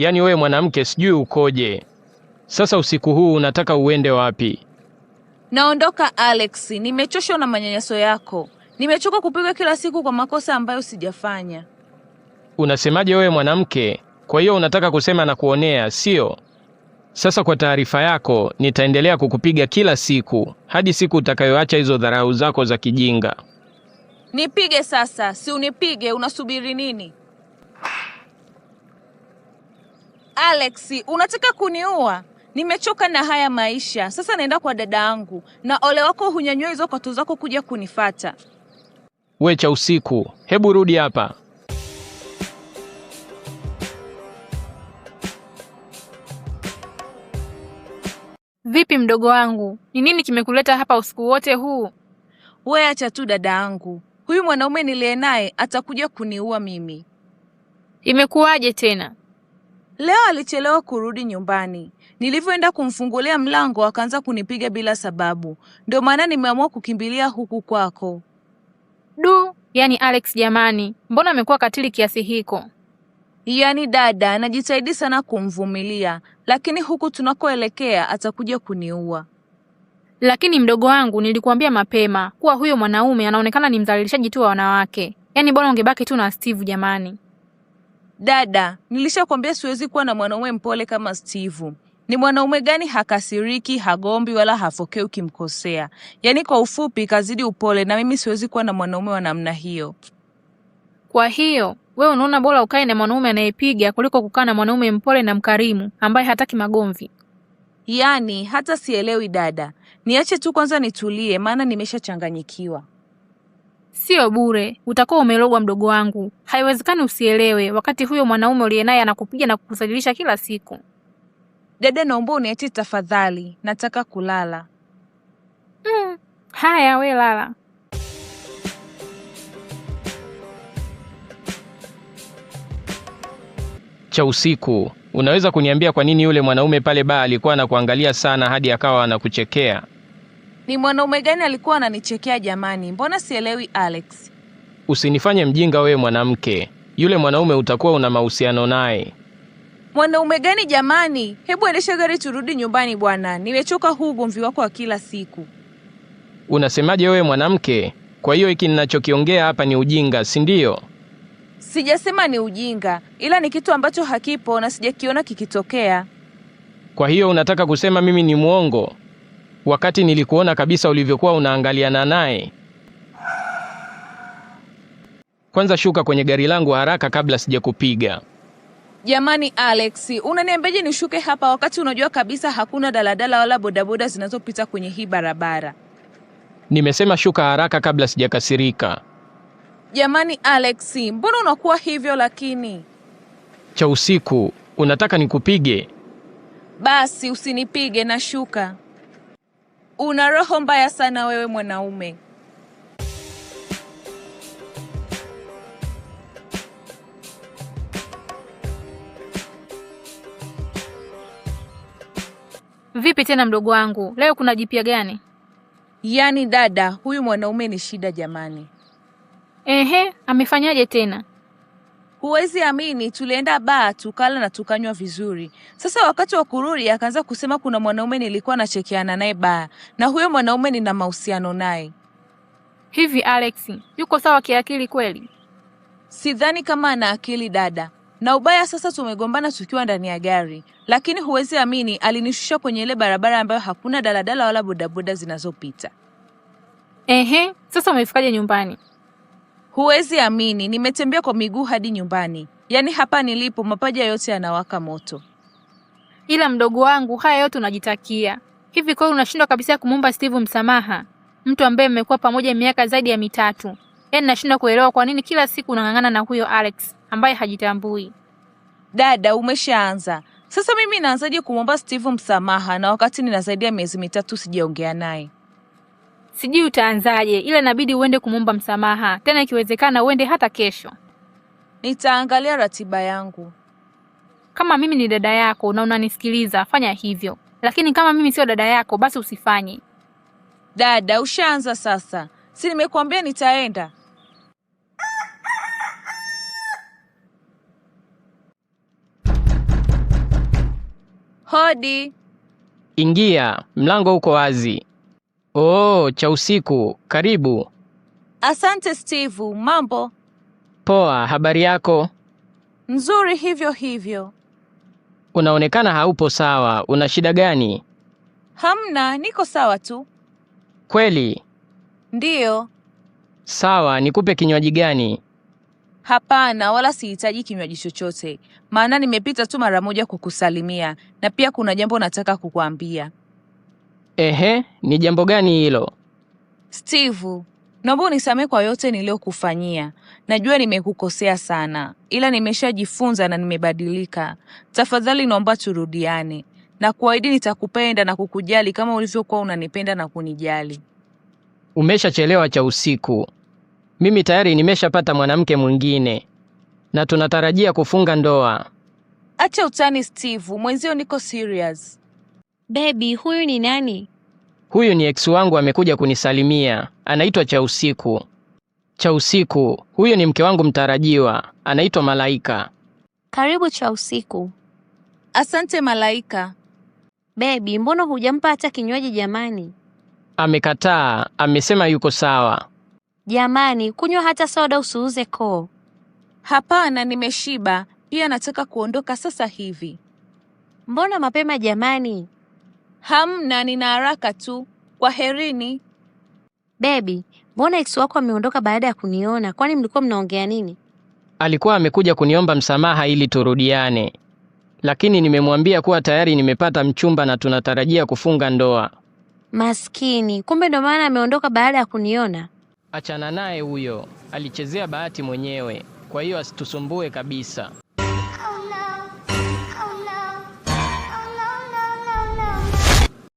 yaani wewe mwanamke sijui ukoje. Sasa usiku huu unataka uende wapi? Naondoka Alex, nimechoshwa na manyanyaso yako. Nimechoka kupigwa kila siku kwa makosa ambayo sijafanya. Unasemaje wewe mwanamke? Kwa hiyo unataka kusema na kuonea, sio? Sasa kwa taarifa yako, nitaendelea kukupiga kila siku hadi siku utakayoacha hizo dharau zako za kijinga. Nipige sasa, si unipige, unasubiri nini? Alex, unataka kuniua? Nimechoka na haya maisha sasa, naenda kwa dada yangu, na ole wako hunyanyua hizo kwato zako kuja kunifata. We cha usiku, hebu rudi hapa. Vipi mdogo wangu, ni nini kimekuleta hapa usiku wote huu? We acha tu dada yangu, huyu mwanaume niliye naye atakuja kuniua mimi. Imekuwaje tena? Leo alichelewa kurudi nyumbani. Nilivyoenda kumfungulia mlango akaanza kunipiga bila sababu, ndio maana nimeamua kukimbilia huku kwako. Du, yani Alex jamani, mbona amekuwa katili kiasi hiko? Yaani dada, najitahidi sana kumvumilia, lakini huku tunakoelekea atakuja kuniua. Lakini mdogo wangu, nilikuambia mapema kuwa huyo mwanaume anaonekana ni mdhalilishaji tu wa wanawake. Yaani mbona ungebaki tu na Steve jamani. Dada, nilishakwambia siwezi kuwa na mwanaume mpole kama Steve. Ni mwanaume gani hakasiriki, hagombi wala hafokei ukimkosea? Yaani kwa ufupi kazidi upole, na mimi siwezi kuwa na mwanaume wa namna hiyo. Kwa hiyo wewe unaona bora ukae na mwanaume anayepiga kuliko kukaa na mwanaume mpole na mkarimu ambaye hataki magomvi? Yaani hata sielewi dada, niache tu kwanza nitulie, maana nimeshachanganyikiwa. Sio bure, utakuwa umelogwa mdogo wangu. Haiwezekani usielewe, wakati huyo mwanaume uliye naye anakupiga na kukusajilisha kila siku. dede naomba uniachi tafadhali, nataka kulala. Mm, haya we lala. Cha usiku, unaweza kuniambia kwa nini yule mwanaume pale baa alikuwa anakuangalia sana hadi akawa anakuchekea? Ni mwanaume gani alikuwa ananichekea jamani? Mbona sielewi Alex. Usinifanye mjinga wewe mwanamke. Yule mwanaume utakuwa una mahusiano naye. Mwanaume gani jamani? Hebu endesha gari turudi nyumbani bwana, nimechoka huu ugomvi wako wa kila siku. Unasemaje wewe mwanamke? Kwa hiyo hiki ninachokiongea hapa ni ujinga, si ndio? Sijasema ni ujinga, ila ni kitu ambacho hakipo na sijakiona kikitokea. Kwa hiyo unataka kusema mimi ni mwongo? wakati nilikuona kabisa ulivyokuwa unaangaliana naye. Kwanza shuka kwenye gari langu haraka kabla sijakupiga. Jamani Alex, unaniambeje nishuke hapa wakati unajua kabisa hakuna daladala wala bodaboda zinazopita kwenye hii barabara? Nimesema shuka haraka kabla sijakasirika. Jamani Alex, mbona unakuwa hivyo lakini? Cha usiku, unataka nikupige? Basi usinipige na shuka. Una roho mbaya sana wewe mwanaume. Vipi tena mdogo wangu, leo kuna jipya gani? Yaani dada, huyu mwanaume ni shida jamani. Ehe, amefanyaje tena? Huwezi amini, tulienda baa tukala na tukanywa vizuri. Sasa wakati wa kurudi akaanza kusema kuna mwanaume nilikuwa nachekeana naye baa, na huyo mwanaume nina mahusiano naye. Hivi Alex yuko sawa kiakili kweli? Sidhani kama ana akili dada. Na ubaya sasa, tumegombana tukiwa ndani ya gari, lakini huwezi amini, alinishusha kwenye ile barabara ambayo hakuna daladala wala bodaboda zinazopita. Ehe, sasa umefikaje nyumbani? Huwezi amini, nimetembea kwa miguu hadi nyumbani. Yaani hapa nilipo mapaja yote yanawaka moto. Ila mdogo wangu, haya yote unajitakia. Hivi kweli unashindwa kabisa kumwomba Steve msamaha, mtu ambaye mmekuwa pamoja miaka zaidi ya mitatu? Yaani nashindwa kuelewa kwa nini kila siku unang'ang'ana na huyo Alex ambaye hajitambui. Dada, umeshaanza sasa. Mimi naanzaje kumwomba Steve msamaha na wakati ninasaidia miezi mitatu sijaongea naye? Sijui utaanzaje, ila inabidi uende kumwomba msamaha, tena ikiwezekana uende hata kesho. Nitaangalia ratiba yangu. Kama mimi ni dada yako na unanisikiliza, fanya hivyo, lakini kama mimi sio dada yako, basi usifanye. Dada, ushaanza sasa, si nimekuambia nitaenda. Hodi, ingia, mlango uko wazi. Oh, cha usiku. Karibu. Asante Steve, mambo? Poa, habari yako? Nzuri hivyo hivyo. Unaonekana haupo sawa. Una shida gani? Hamna, niko sawa tu. Kweli? Ndiyo. Sawa, nikupe kinywaji gani? Hapana, wala sihitaji kinywaji chochote, maana nimepita tu mara moja kukusalimia, na pia kuna jambo nataka kukuambia. Ehe, ni jambo gani hilo? Steve, naomba unisamehe kwa yote niliyokufanyia. Najua nimekukosea sana, ila nimeshajifunza na nimebadilika. Tafadhali naomba turudiane na kuahidi nitakupenda na kukujali kama ulivyokuwa unanipenda na kunijali. Umeshachelewa cha usiku. Mimi tayari nimeshapata mwanamke mwingine na tunatarajia kufunga ndoa. Acha utani Steve, mwenzio niko serious. Bebi, huyu ni nani? Huyu ni ex wangu amekuja kunisalimia. Anaitwa cha usiku cha usiku huyu ni mke wangu mtarajiwa. Anaitwa Malaika. Karibu cha usiku Asante Malaika. Bebi, mbona hujampa hata kinywaji jamani? Amekataa, amesema yuko sawa. Jamani, kunywa hata soda usiuze koo. Hapana, nimeshiba. Pia nataka kuondoka sasa hivi. Mbona mapema jamani? Hamna, nina haraka tu. Kwaherini. Bebi, mbona ex wako ameondoka baada ya kuniona? Kwani mlikuwa mnaongea nini? Alikuwa amekuja kuniomba msamaha ili turudiane, lakini nimemwambia kuwa tayari nimepata mchumba na tunatarajia kufunga ndoa. Maskini, kumbe ndo maana ameondoka baada ya kuniona. Achana naye huyo, alichezea bahati mwenyewe, kwa hiyo asitusumbue kabisa.